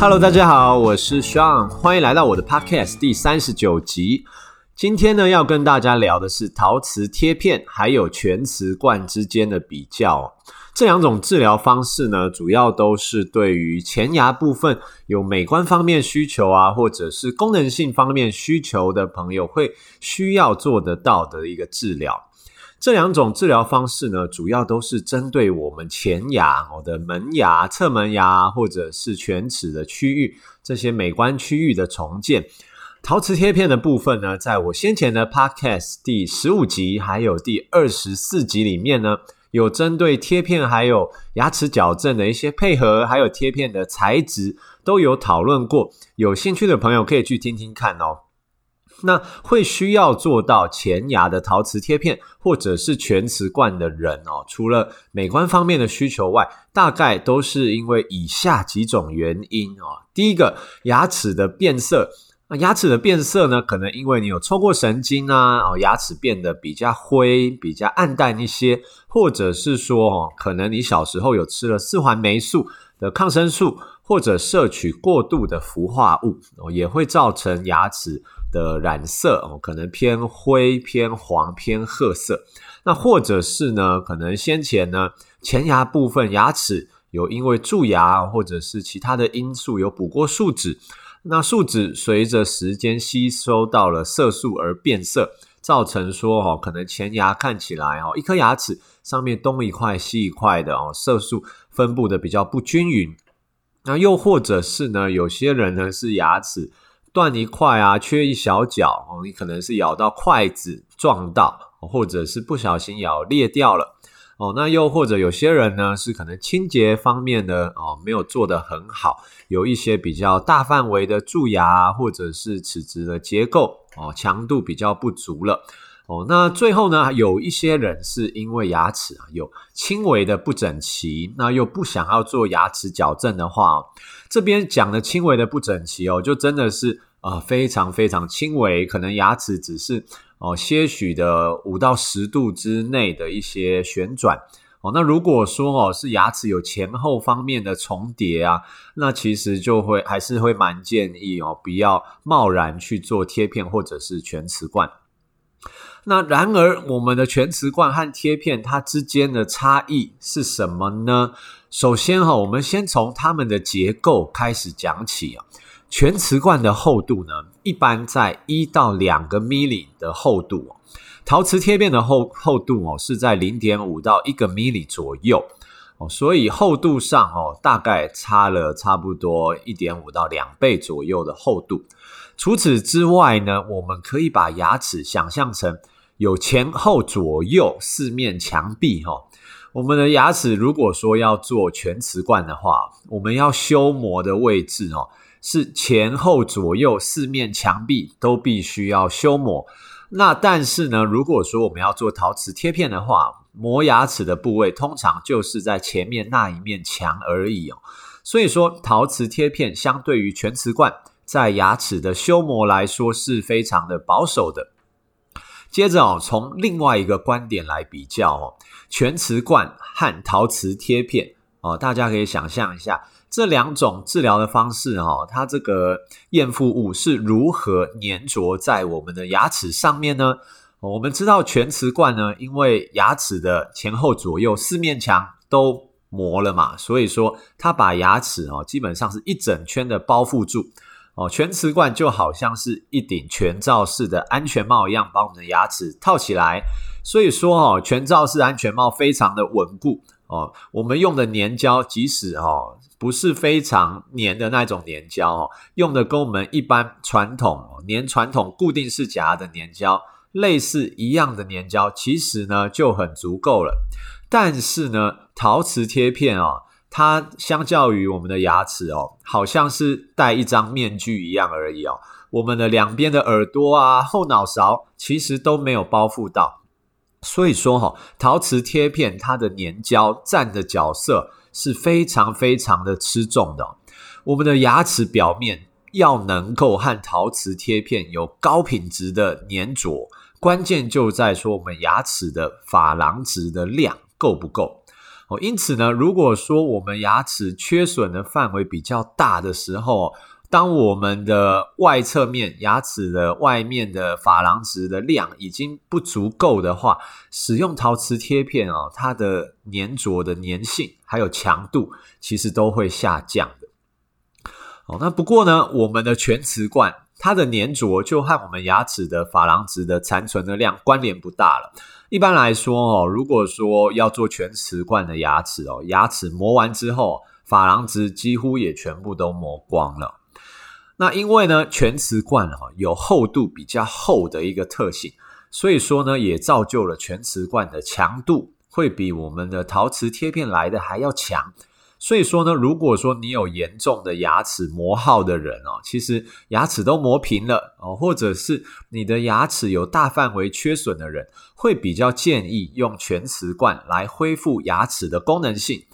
Hello，大家好，我是 Sean，歡迎來到我的 Podcast 第三十九集。今天呢，要跟大家聊的是陶瓷貼片還有全瓷冠之間的比較。這兩種治療方式呢，主要都是對於前牙部分有美觀方面需求啊，或者是功能性方面需求的朋友，會需要做得到的一個治療。這兩種治療方式呢，主要都是針對我們前牙哦的門牙、側門牙，或者是犬齒的區域，這些美觀區域的重建。陶瓷貼片的部分呢，在我先前的 Podcast 第十五集還有第二十四集裡面呢，有針對貼片還有牙齒矯正的一些配合，還有貼片的材質都有討論過。有興趣的朋友可以去聽聽看哦。那會需要做到前牙的陶瓷貼片或者是全瓷冠的人哦，除了美觀方面的需求外，大概都是因為以下幾種原因哦。第一個，牙齒的變色。那牙齒的變色呢，可能因為你有抽過神經啊哦，牙齒變得比較灰、比較暗淡一些，或者是說哦，可能你小時候有吃了四環黴素的抗生素，或者攝取過度的氟化物，也會造成牙齒。的染色哦，可能偏灰、偏黃、偏褐色。那或者是呢，可能先前呢，前牙部分牙齒有因為蛀牙或者是其他的因素有補過樹脂，那樹脂隨着時間吸收到了色素而變色，造成說哦，可能前牙看起來哦，一顆牙齒上面東一塊西一塊的哦，色素分布的比較不均勻。那又或者是呢，有些人呢是牙齒。斷一塊啊，缺一小角哦，你可能是咬到筷子撞到，或者是不小心咬裂掉了哦。那又或者有些人呢，是可能清潔方面呢哦沒有做得很好，有一些比較大範圍的蛀牙，或者是齒質的結構哦強度比較不足了哦。那最後呢，有一些人是因為牙齒啊有輕微的不整齊，那又不想要做牙齒矯正的話，哦，這邊講的輕微的不整齊哦，就真的是。啊，非常非常輕微，可能牙齒只是哦些許的五到十度之內的一些旋轉哦。那如果說哦是牙齒有前後方面的重疊啊，那其實就會還是會蠻建議哦，不要貿然去做貼片或者是全瓷冠。那然而，我們的全瓷冠和貼片它之間的差異是什麼呢？首先哈，我們先從它們的結構開始講起啊。全瓷冠的厚度呢，一般在一到兩個 mm 的厚度。陶瓷貼片的厚厚度哦，是在零點五到一個 mm 左右哦。所以厚度上哦，大概差了差不多一點五到兩倍左右的厚度。除此之外呢，我們可以把牙齒想象成有前後左右四面牆壁哈。我們的牙齒如果說要做全瓷冠的話，我們要修磨的位置哦。是前後左右四面牆壁都必須要修磨，那但是呢，如果說我們要做陶瓷貼片的話，磨牙齒的部位通常就是在前面那一面牆而已哦。所以說，陶瓷貼片相對於全瓷冠在牙齒的修磨來說是非常的保守的。接着哦，從另外一個觀點來比較哦，全瓷冠和陶瓷貼片哦，大家可以想象一下。這兩種治療的方式啊、哦，它這個贋復物，是如何粘着在我們的牙齒上面呢？哦、我們知道全瓷冠呢，因為牙齒的前後左右四面牆都磨了嘛，所以說它把牙齒啊、哦、基本上是一整圈的包覆住哦。全瓷冠就好像是一頂全罩式的安全帽一樣，把我們的牙齒套起來。所以說哦，全罩式安全帽非常的穩固哦。我們用的粘膠，即使哦。不是非常粘的那種粘膠哦，用的跟我們一般傳統粘傳統固定式夾的粘膠類似一樣的粘膠，其實呢就很足夠了。但是呢，陶瓷貼片哦，它相較於我們的牙齒哦，好像是戴一張面具一樣而已哦。我們的兩邊的耳朵啊、後腦勺其實都沒有包覆到，所以說哈、哦，陶瓷貼片它的粘膠佔的角色。是非常非常的吃重的哦，我們的牙齒表面要能夠和陶瓷貼片有高品質的粘着，關鍵就在說我們牙齒的珐琅質的量夠不夠哦。因此呢，如果說我們牙齒缺損的範圍比較大的時候哦，當我們的外側面牙齒的外面的珐琅質的量已經不足夠的話，使用陶瓷貼片哦，它的粘着的粘性還有強度其實都會下降的。哦，那不過呢，我們的全瓷冠它的粘着就和我們牙齒的珐琅質的殘存的量關聯不大了。一般來說哦，如果說要做全瓷冠的牙齒哦，牙齒磨完之後，珐琅質幾乎也全部都磨光了。那因為呢，全瓷冠哦，有厚度比較厚的一個特性，所以說呢，也造就了全瓷冠的強度會比我們的陶瓷貼片來的還要強。所以說呢，如果說你有嚴重的牙齒磨耗的人哦，其實牙齒都磨平了哦，或者是你的牙齒有大範圍缺損的人，會比較建議用全瓷冠來恢復牙齒的功能性。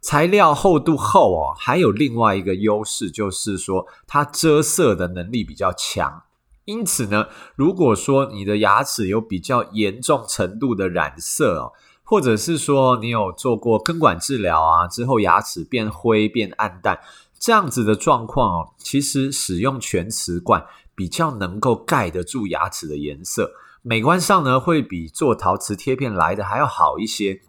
材料厚度厚哦，還有另外一個優勢就是說，它遮色的能力比較強。因此呢，如果說你的牙齒有比較嚴重程度的染色哦，或者是說你有做過根管治療啊之後牙齒變灰變暗淡這樣子的狀況哦，其實使用全瓷冠比較能夠蓋得住牙齒的顏色。美觀上呢，會比做陶瓷貼片來的還要好一些。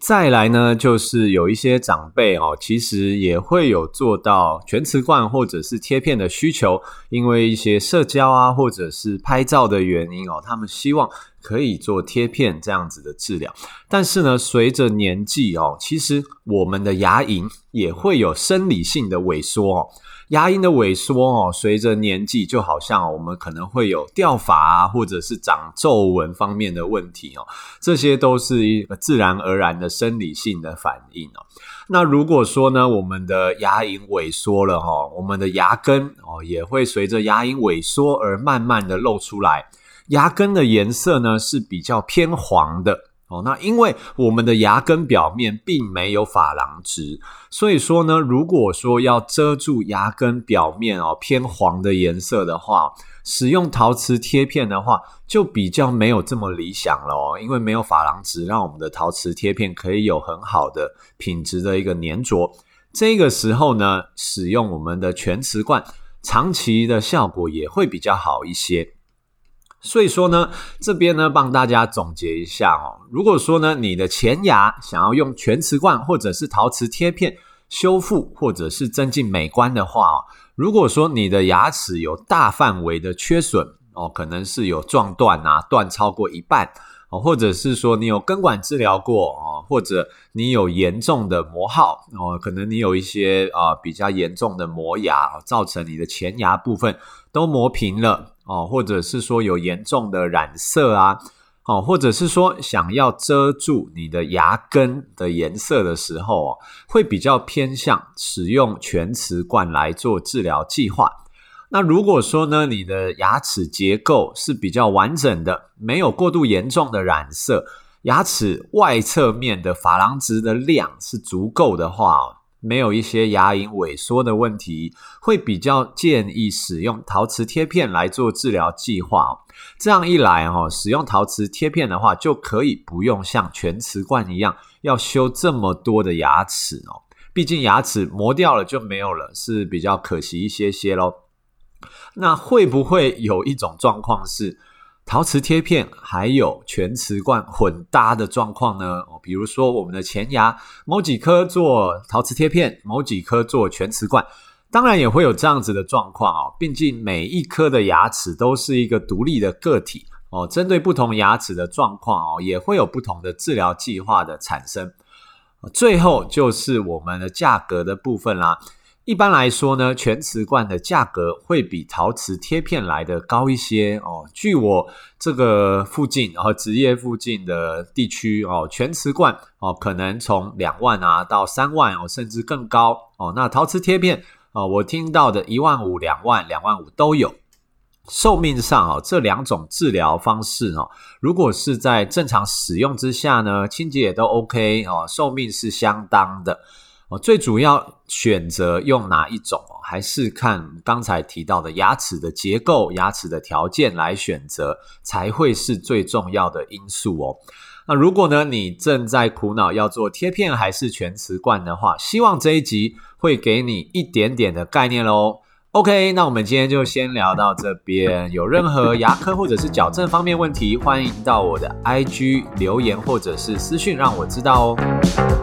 再來呢，就是有一些長輩哦，其實也會有做到全瓷冠或者是貼片的需求，因為一些社交啊，或者是拍照的原因哦，他們希望。可以做貼片這樣子的治療，但是呢，隨着年紀哦，其實我們的牙齦也會有生理性的萎縮哦。牙齦的萎縮哦，隨着年紀，就好像我們可能會有掉髮啊，或者是長皺紋方面的問題哦，這些都是一個自然而然的生理性的反應哦。那如果說呢，我們的牙齦萎縮了哈哦，我們的牙根哦，也會隨着牙齦萎縮而慢慢的露出來。牙根的顏色呢，是比較偏黃的哦。那因為我們的牙根表面並沒有珐琅質所以說呢，如果說要遮住牙根表面哦，偏黃的顏色的話，使用陶瓷貼片的話就比較沒有這麼理想了哦。因為沒有珐琅質讓我們的陶瓷貼片可以有很好的品質的一個粘着。這個時候呢，使用我們的全瓷冠，長期的效果也會比較好一些。所以說呢，這邊呢幫大家總結一下哦。如果說呢，你的前牙想要用全瓷冠或者是陶瓷貼片修復或者是增進美觀的話哦，如果說你的牙齒有大範圍的缺損哦，可能是有撞斷啊，斷超過一半，哦，或者是說你有根管治療過哦，或者你有嚴重的磨耗哦，可能你有一些啊，呃，比較嚴重的磨牙，造成你的前牙部分都磨平了。哦，或者是說有嚴重的染色啊，哦，或者是說想要遮住你的牙根的顏色的時候，哦，會比較偏向使用全瓷冠來做治療計劃。那如果說呢，你的牙齒結構是比較完整的，沒有過度嚴重的染色，牙齒外側面的珐琅質的量是足夠的話，哦。沒有一些牙齦萎縮的問題，會比較建議使用陶瓷貼片來做治療計劃哦。這樣一來哦，哈，使用陶瓷貼片的話，就可以不用像全瓷冠一樣要修這麼多的牙齒哦。畢竟牙齒磨掉了就沒有了，是比較可惜一些些嘍。那會不會有一種狀況是陶瓷貼片還有全瓷冠混搭的狀況呢？哦，比如說我們的前牙某幾顆做陶瓷貼片，某幾顆做全瓷冠，當然也會有這樣子的狀況哦。畢竟每一顆的牙齒都是一個獨立的個體哦，針對不同牙齒的狀況哦，也會有不同的治療計劃的產生。最後就是我們的價格的部分啦，啊。一般來說呢，全瓷冠的價格會比陶瓷貼片來得高一些哦。據我這個附近和職業附近的地區哦，全瓷冠哦，可能從兩萬啊到三萬哦，甚至更高哦。那陶瓷貼片啊、哦，我聽到的一萬五、兩萬、兩萬五都有。壽命上啊、哦，這兩種治療方式呢、哦，如果是在正常使用之下呢，清潔也都 OK 哦，壽命是相當的。最主要選擇用哪一種還是看剛才提到的牙齒的結構、牙齒的條件來選擇，才會是最重要的因素哦。那如果呢，你正在苦惱要做貼片還是全瓷冠的話，希望這一集會給你一點點的概念咯。OK，那我們今天就先聊到這邊。有任何牙科或者是矯正方面問題，歡迎到我的 IG 留言或者是私訊讓我知道哦。